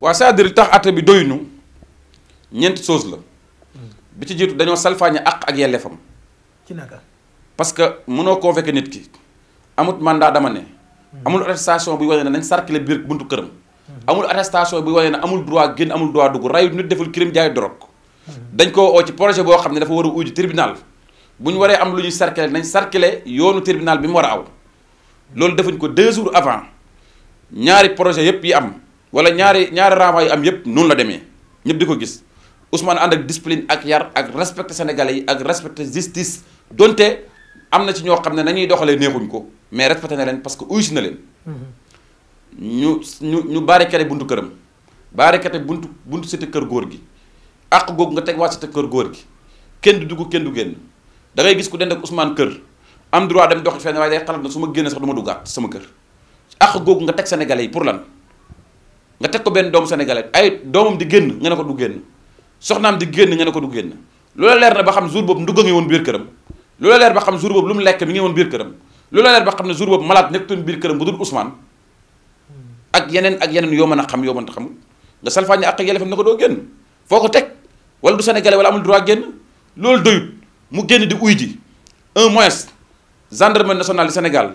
waa cest à tax atte bi doyuñu ñeenti chose la bi ci jiitu dañoo salfaañe àq ak yelleefam ci naka parce que mënoo convoqué nit ki amut mandat dama ne hmm. amul arrestation buy wane ne nañ sarkile biir buntu këram hmm. amul arrestation buy wane ne amul droit génn amul droit dugg rayu nit deful crime jaay dorog hmm. dañ ko oo ci projet boo xam ne dafa war a uji tribunal bu ñu waree am lu ñuy sarkile nañ sarkile yoonu tribunal bi mu war a aw loolu defuñ ko deux jours avant ñaari projet yépp yi am wala ñaari ñaari renvoi yu am yëpp noonu la demee ñëpp di ko gis Ousmane ànd ak discipline ak yar ak respecté sénégalais yi ak respecté justice donte am na ci ñoo xam ne nañuy doxalee neexuñ ko mais respecté na leen parce que uysi na leen. Mm-hmm. ñu ñu ñu barricadé buntu këram barricadé buntu buntu cité kër góor gi àq googu nga teg waa te kër góor gi kenn du dugg kenn du génn da gis ku dend ak Ousmane kër am droit dem doxi fenn waaye day xalaat na su ma génnee sax du ma duggaat sama kër àq googu nga teg sénégalais yi pour lan. nga teg ko benn doomu sénégalais ay doomam di génn nga ne ko du génn soxnaam di génn nga ne ko du génn loola leer na ba xam jour boobu ndugg a ngi woon biir këram loola leer ba xam jour boobu lu mu lekk mi ngi woon biir këram loola leer ba xam ne jour boobu malade nekkutoon biir këram bu dul ak yeneen ak yeneen yoo mën a xam yoo mën a xamul nga salfaañe ak yelefam ne ko doo génn foo ko teg wala du sénégalais wala amul droit génn loolu doyut mu génn di uy ji un mois gendarmerie nationale du Sénégal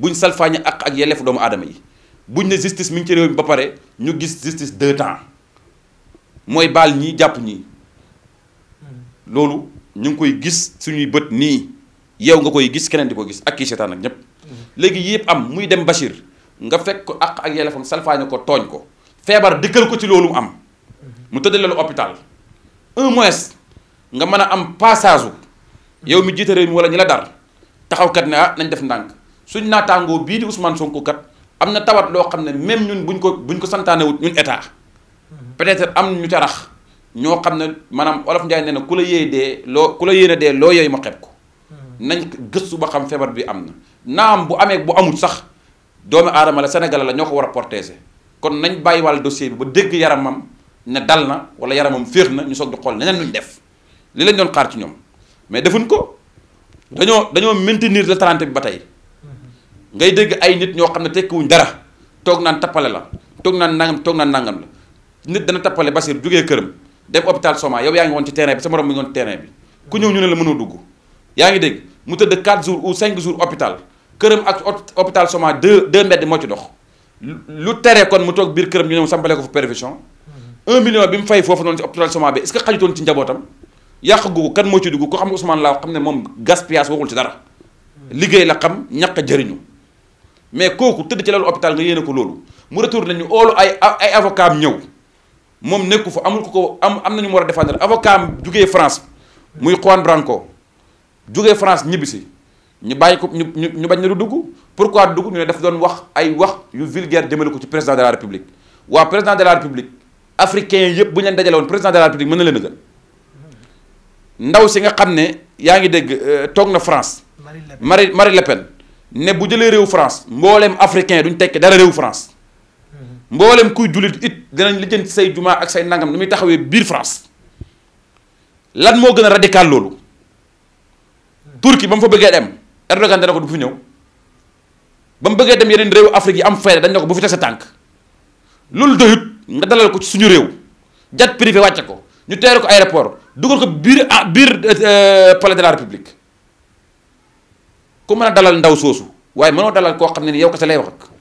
buñ salfaañe ak ak yelleefu doomu aadama yi buñ ne justice mi ngi ci réew ba pare ñu gis justice deux temps mooy baal ñi jàpp ñi loolu ñu ngi koy gis suñuy bët nii yow nga koy gis keneen di ko gis ak kii seetaan ak ñëpp. léegi yëpp am muy dem Bachir nga fekk ko ak ak yelleefam salfaañe ko tooñ ko feebar dikkal ko ci loolu mu am mu tëddale lu hôpital un mois nga mën a am passage yow mi jiita réew mi wala ñi la dar taxawkat ne ah nañ def ndànk suñ naataangoo bii di Ousmane Sonko kat am na tawat loo xam ne même ñun buñ ko buñ ko santaanewut ñun état peut-être am ñu ca ñoo xam ne maanaam olof Njaay nee na ku la yéey dee loo ku la yéene dee loo yooyu ma xeb ko nañ gëstu ba xam feebar bi am na am bu amee bu amul sax doomu aadama la Sénégal la ñoo ko war a protéger kon nañ bàyyi wàll dossier bi ba dégg yaramam ne dal na wala yaramam féex na ñu soog di xool neneen luñ def li lañ doon xaar ci ñoom mais defuñ ko dañoo dañoo maintenir le 30 bi ba tey ngay dégg ay nit ñoo xam ne tekkiwuñ dara toog naan tappale la toog naan nangam toog naan nangam la nit dana tappale Basir jógee këram dem hôpital Soma yow yaa ngi woon ci terrain bi sa morom mu ngi woon ci terrain bi ku ñëw ñu ne la mënoo dugg yaa ngi dégg mu tëdd 4 jours ou 5 jours hôpital këram ak hôpital Soma 2 2 mbedd moo ci dox lu tere kon mu toog biir këram ñu ñëw sampale ko fa perfusion 1 million bi mu fay foofu noonu ci hôpital Soma bi est-ce que xajutoon moo ci ko xam ne Ousmane laa xam ne moom gaspillage waxul ci dara liggéey la xam ñàkk jëriñu mais kooku tëdd ci l'hôpital nga yéne ko lolu mu retour nañu oolu ay ay avocat ñew mom moom nekku fa amul ko ko am amna ñu mu défendre avocat am France muy Juan Branco jugee France ñibisi ñu bàyyi ko ñu ñu bañ na du dugg pourquoi dugg ñu ne doon wax ay wax yu vulgaire jëmale ko ci président de la république wa président de la république africain yépp bu ñu leen dajale won président de la république mëna na leen gën ndaw si nga xamné yaangi yaa dégg euh, na France Marie Marie Le Pen ne bu jëlee réew France pas africain duñ tekki dara réew France mbooleem kuy jullit it dinañ lijjanti say jumaa ak say nangam ni muy taxawee France lan moo gën a radical loolu turki ba mu fa bëggee dem Erdogan dana ko du fi ñëw ba mu dem yeneen réew Afrique yi am fayda dañ ne ko bu fi tànk loolu doyut dalal ko privé ñu ko aéroport ko ah, euh, palais de la République ku mën a dalal ndaw soosu waaye mënoo dalal koo xam ne ni yow kese lay wax ak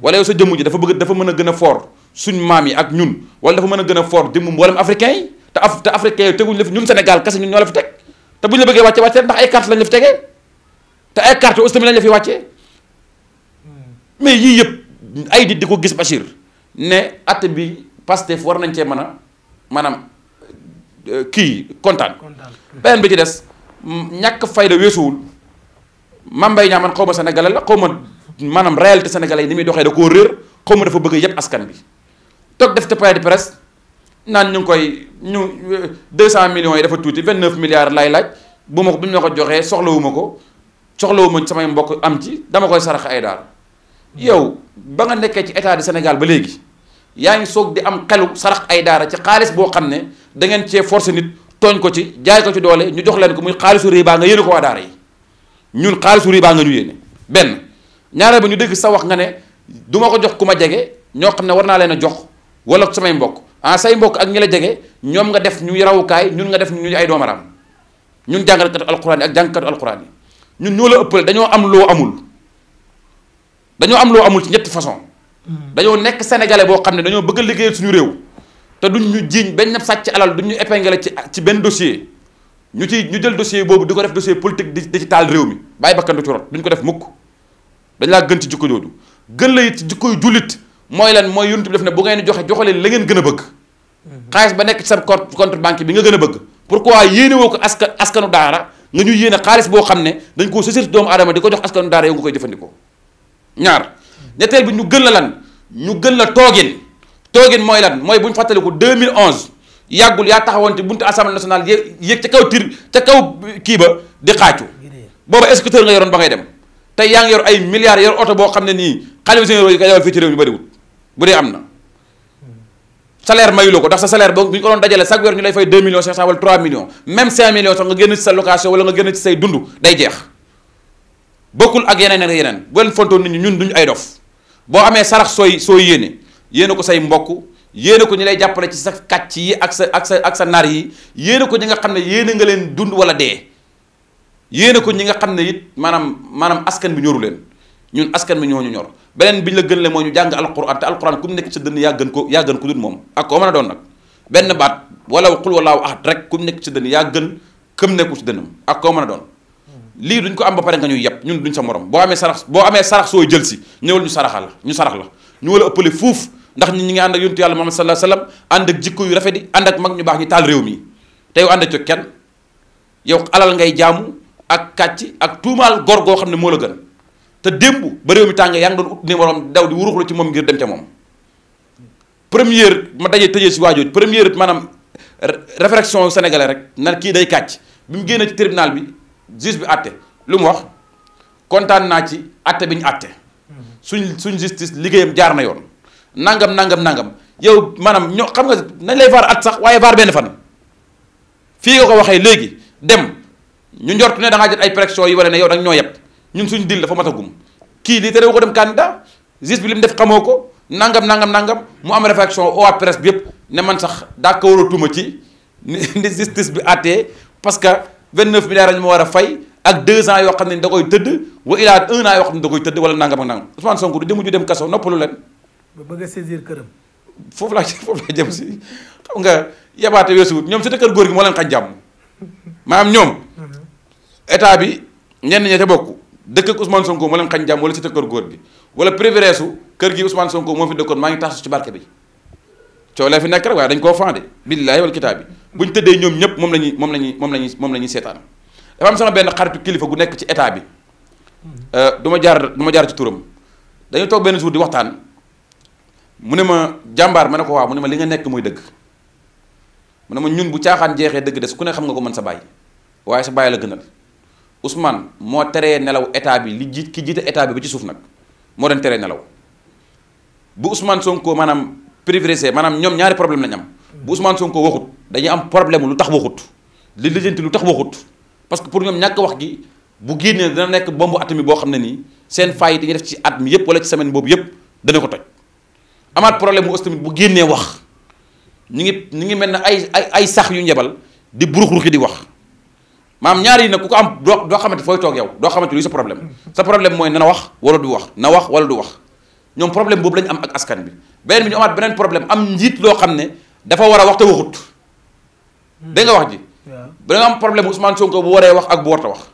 wala yow sa jëmm ji dafa bëgg dafa mën a gën a foor suñ maam yi ak ñun wala dafa mën a gën a foor jëmm mboolem africain yi te af te africain yi teguñu la ñun Sénégal kese ñun ñoo la fi teg te buñu la bëggee wàcce wàcce ndax ay carte te ay carte aussi tamit lañ la fi wàccee hmm. mais yii yëpp ay di di ko gis Bachir ne at bi Pastef war nañ cee mën a maanaam euh, kii kontaan beneen bi ci des ñàkk fayda weesuwul man bay Niang man xaw ma sénégalais la xawma manam réalité sénégalais ni mi doxé da ko rër xawma dafa bëgg yépp askan bi tok def té point de presse nan ñu koy ñu 200 millions yi dafa tuti 29 milliards lay laaj bu mako ko bu ñu ma ko joxee soxlawu ma soxlawu ma samay mbokk am ci dama koy sarax ay daal. yow ba nga nekkee ci état du Sénégal ba légui yaangi sok di am xelu sarax ay daara ci xaaliss bo xamné da ngeen ci forcer nit togn ko ci jaay ko ci doole ñu jox leen ko muy xaalisu riba nga yéene ko wa daara yi. ñun xaalisu riba nga ñu yéene benn ñaareel ba ñu dégg sa wax nga ne du ma ko jox ku ma jege ñoo xam ne war naa leen a jox wala samay mbokk ah say mbokk ak ñi la jege ñoom nga def ñu yarawukaay ñun nga def ñu ay doomaraam ñun jàngalkatu alquran yi ak jàngalkatu alquran ñun ñoo la ëppale dañoo am loo amul dañoo am loo amul ci ñetti façon hmm. dañoo nekk sénégalais boo xam ne dañoo bëgg a liggéeyal suñu réew te duñ ñu jiiñ benn sàcc alal duñ ñu épinglé ci ci benn dossier ñu ci ñu jël dossier boobu di ko def dossier politique di ci taal réew mi bàyyi bakkan du ci rot duñ ko def mukk dañ laa gën ci jikko jooju gën la it ci jikkoy jullit mooy lan mooy yonent bi def ne bu ngeen joxe joxe leen la ngeen gën a bëgg xaalis ba nekk ci sa compte banque bi nga gën a bëgg pourquoi yéene woo ko askan askanu ñu yéene xaalis boo xam ne dañ koo sësir doomu aadama di ko jox askanu daara yow nga koy jëfandikoo ñaar ñetteel bi ñu gën la lan ñu gën la toogin toogin mooy lan mooy bu ñu fàttaliku 2011 yagul ya taxawante buntu assemblée nationale yek ci kaw tir ci kaw ki ba di xaacu booba escorteur nga yoron ba ngay dem tay yaa yor ay milliards yor auto bo xamne ni nii xalifa généraux yi ko fi ci rew mi bari wut dee amna salaire mayu lako ko ndax sa salaire bo buñ ko don dajale chaque weer ñu lay fay 2 millions 500 wala 3 millions même 5 millions sax nga génn ci sa location wala nga génn ci say dundu day jeex bokul ak yenen ak yenen bu len fonto nit ñun duñ ay dof bo amé sarax soy soy yene yene ko say mbokk yéene ko ñu lay jàppale ci sa kàcc yi ak sa ak sa ak sa nar yi yéene ko ñi nga xam ne yéene nga leen dund wala dee yéene ko ñi nga xam ne it maanaam maanaam askan bi ñoru leen ñun askan bi ñoo ñu ñor beneen bi la gën le mooy ñu jàng alquran te alquran ku mu nekk ci dënn yaa gën ko yaa gën ko dul moom ak koo mën a doon nag benn baat wala xul walaaw ahad rek ku mu nekk ci dënn yaa gën këm nekku ci dënnam ak koo mën a doon lii duñ ko am ba pare nga ñuy yàpp ñun duñ sa morom boo amee sarax boo amee sarax sooy jël si ñëwal ñu saraxal ñu sarax la ñu wala ëppale fuuf ndax ñi ñi nga ànd ak yontu yàlla Muhammad sallallahu alayhi wasallam ànd ak jikko yu rafet yi ànd ak mag ñu baax ñi taal réew mi te yow ànd ak kenn yow alal ngay jàmm ak kàcc ak tuumaal gor goo xam ne moo la gën te démb ba réew mi tàng yaa ngi doon ut numérom daw di wuruxlu ci moom ngir dem ca moom première ma dajee tëjee si waajooj première maanaam réflexion sénégalais rek na kii day kàcc bi mu génnee ci tribunal bi juge bi àtte lu mu wax kontaan naa ci àtte bi ñu àtte mm-hmm. suñ suñ justice liggéeyam jaar na yoon nangam nangam nangam yow maanaam ño xam nga nañ lay vaar at sax waaye vaar benn fan fii nga ko waxee léegi dem ñu njort ne da ngaa jot ay pression yi wane ne yow da nga ñoo yeb ñun suñu dil dafa matagum kii lii terewu ko dem candidat justice bi li def xamoo ko nangam nangam nangam mu am réflexion au presse bi yëpp ne man sax daa ko a àttee parce que 29 milliards lañ ma war a fay ak 2 ans yoo xam ne da koy tëdd wa ne da koy tëdd wala nangam ak nangam Ousmane Sonko du demuju dem kaso noppalu leen. ba bëgg a këram. foofu laa foofu laa jëm si xam nga yabaate weesuwut ñoom si kër góor gi moo leen xaj jàmm maanaam ñoom. Mhm. état bi ñenn ña ca bokk dëkk ak Ousmane Sonko moo leen xañ jàmm wala si kër góor gi wala privilège kër gi Ousmane Sonko moo fi dëkkoon maa ngi taasu ci barke bi coow la fi nekk rek waaye dañ koo fande billaahi wal kitaab bi bu ñu tëddee ñoom ñëpp moom la ñuy moom la ñuy moom la ñuy moom ñuy seetaan dafa am sama benn xaritu kilifa gu nekk ci état bi mhm. euh, du ma jaar du ma jaar ci turam dañu toog benn jour di waxtaan mu ne ma jàmbaar ma ne ko waaw mu ne ma li nga nekk muy dëgg mu ne ma ñun bu caaxaan jeexee dëgg des ku ne xam nga ko mën sa bàyyi waaye sa bàyyi la gënal Ousmane moo teree nelaw état bi li jiit ki jiite état bi ba ci suuf nag moo doon teree nelaw bu Ousmane Sonko maanaam privilégié maanaam ñoom ñaari problème lañ am bu Ousmane Sonko waxut dañu am problème lu tax waxut li lijjanti lu tax waxut parce que pour ñoom ñàkk wax gi bu génnee dina nekk bombu atomique boo xam ne nii seen faay yi dañuy def ci at mi yëpp wala ci semaine boobu yëpp dana ko toj. amaat problème mu aussi bu génnee wax ñu ngi ñu ngi mel ne ay ay ay sax yu njebal di burux ruxi di wax maam ñaar yi nag ku ko am doo doo xamante fooy toog yow doo xamante luy sa problème sa problème mooy nana wax wala du wax na wax wala du wax ñoom problème boobu lañ am ak askan bi beneen bi ñu beneen problème am njiit loo xam ne dafa war a wax te waxut dégg nga wax ji ba am problème Ousmane Sonko bu waree wax ak bu warta wax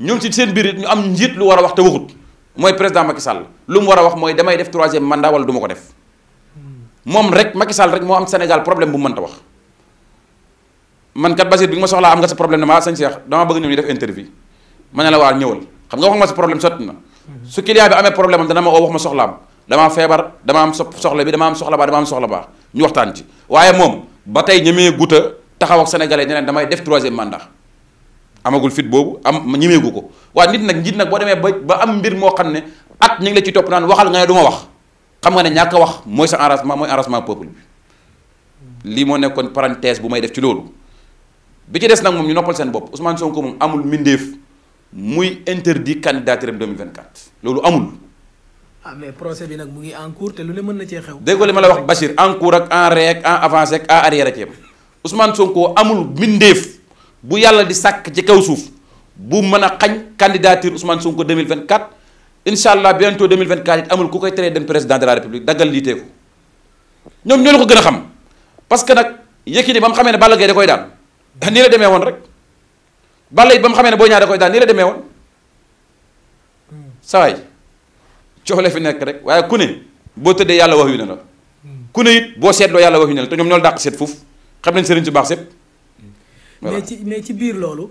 ñoom si seen biir it ñu am njiit lu war a wax te waxut mooy président Macky Sall lu mu war a wax mooy damay def troisième mandat wala duma ko def mom rek Macky Sall rek mo am Sénégal problème bu mënta wax man kat Basir bi nga soxla am nga sa problème dama ah, Cheikh dama bëgg ñu def interview man la war ñëwul xam nga wax ma sa problème sot na mhm. su kiliya bi amé problème am dana ma wax ma soxlaam dama fébar dama am soxla bi dama am soxla ba dama am soxla ba ñu waxtaan ci waye mom ba tey ñemee guta taxaw ak sénégalais ñeneen damay def troisième mandat amagul fit bobu am ñemeegu ko wa nit nak nit nak bo ba am mbir mo xamné at ñu ngi la ci top naan waxal nga ne wax xam nga ne ñàkk a wax mooy sa arrangement mooy arrangement peuple bi lii moo nekkoon parenthèse bu may def ci loolu bi ci des nag moom ñu noppal seen bopp Ousmane Sonko moom amul mbindeef muy interdit candidature vingt 2024 loolu amul. ah mais procès bi nag mu ngi en cours te mën na cee xew. dégg li ma la wax Bachir en cours ak en ré ak en avancé ak en arrière ak yëpp Ousmane Sonko amul mbindeef bu yàlla di sàkk ci kaw suuf bu mën a xañ candidature Ousmane Sonko 2024. incha allah bientôt 2024 it amul ku koy teree dem président de la république daggal liiteeku ñoom ñoo la ko gën a xam parce que nag Yékini ba mu xamee ne Balla Gaye da koy daan nii la demee woon rek Balla it ba ne Boy Niang da koy daan nii la demee woon sawaay coxle fi nekk rek waaye ku ne boo tëddee yàlla wax yu ne la ku ne it boo seetloo yàlla wax yu ne la te ñoom ñoo la dàq seet foofu xam nañ sëriñ su baax sépp mais ci mais ci biir loolu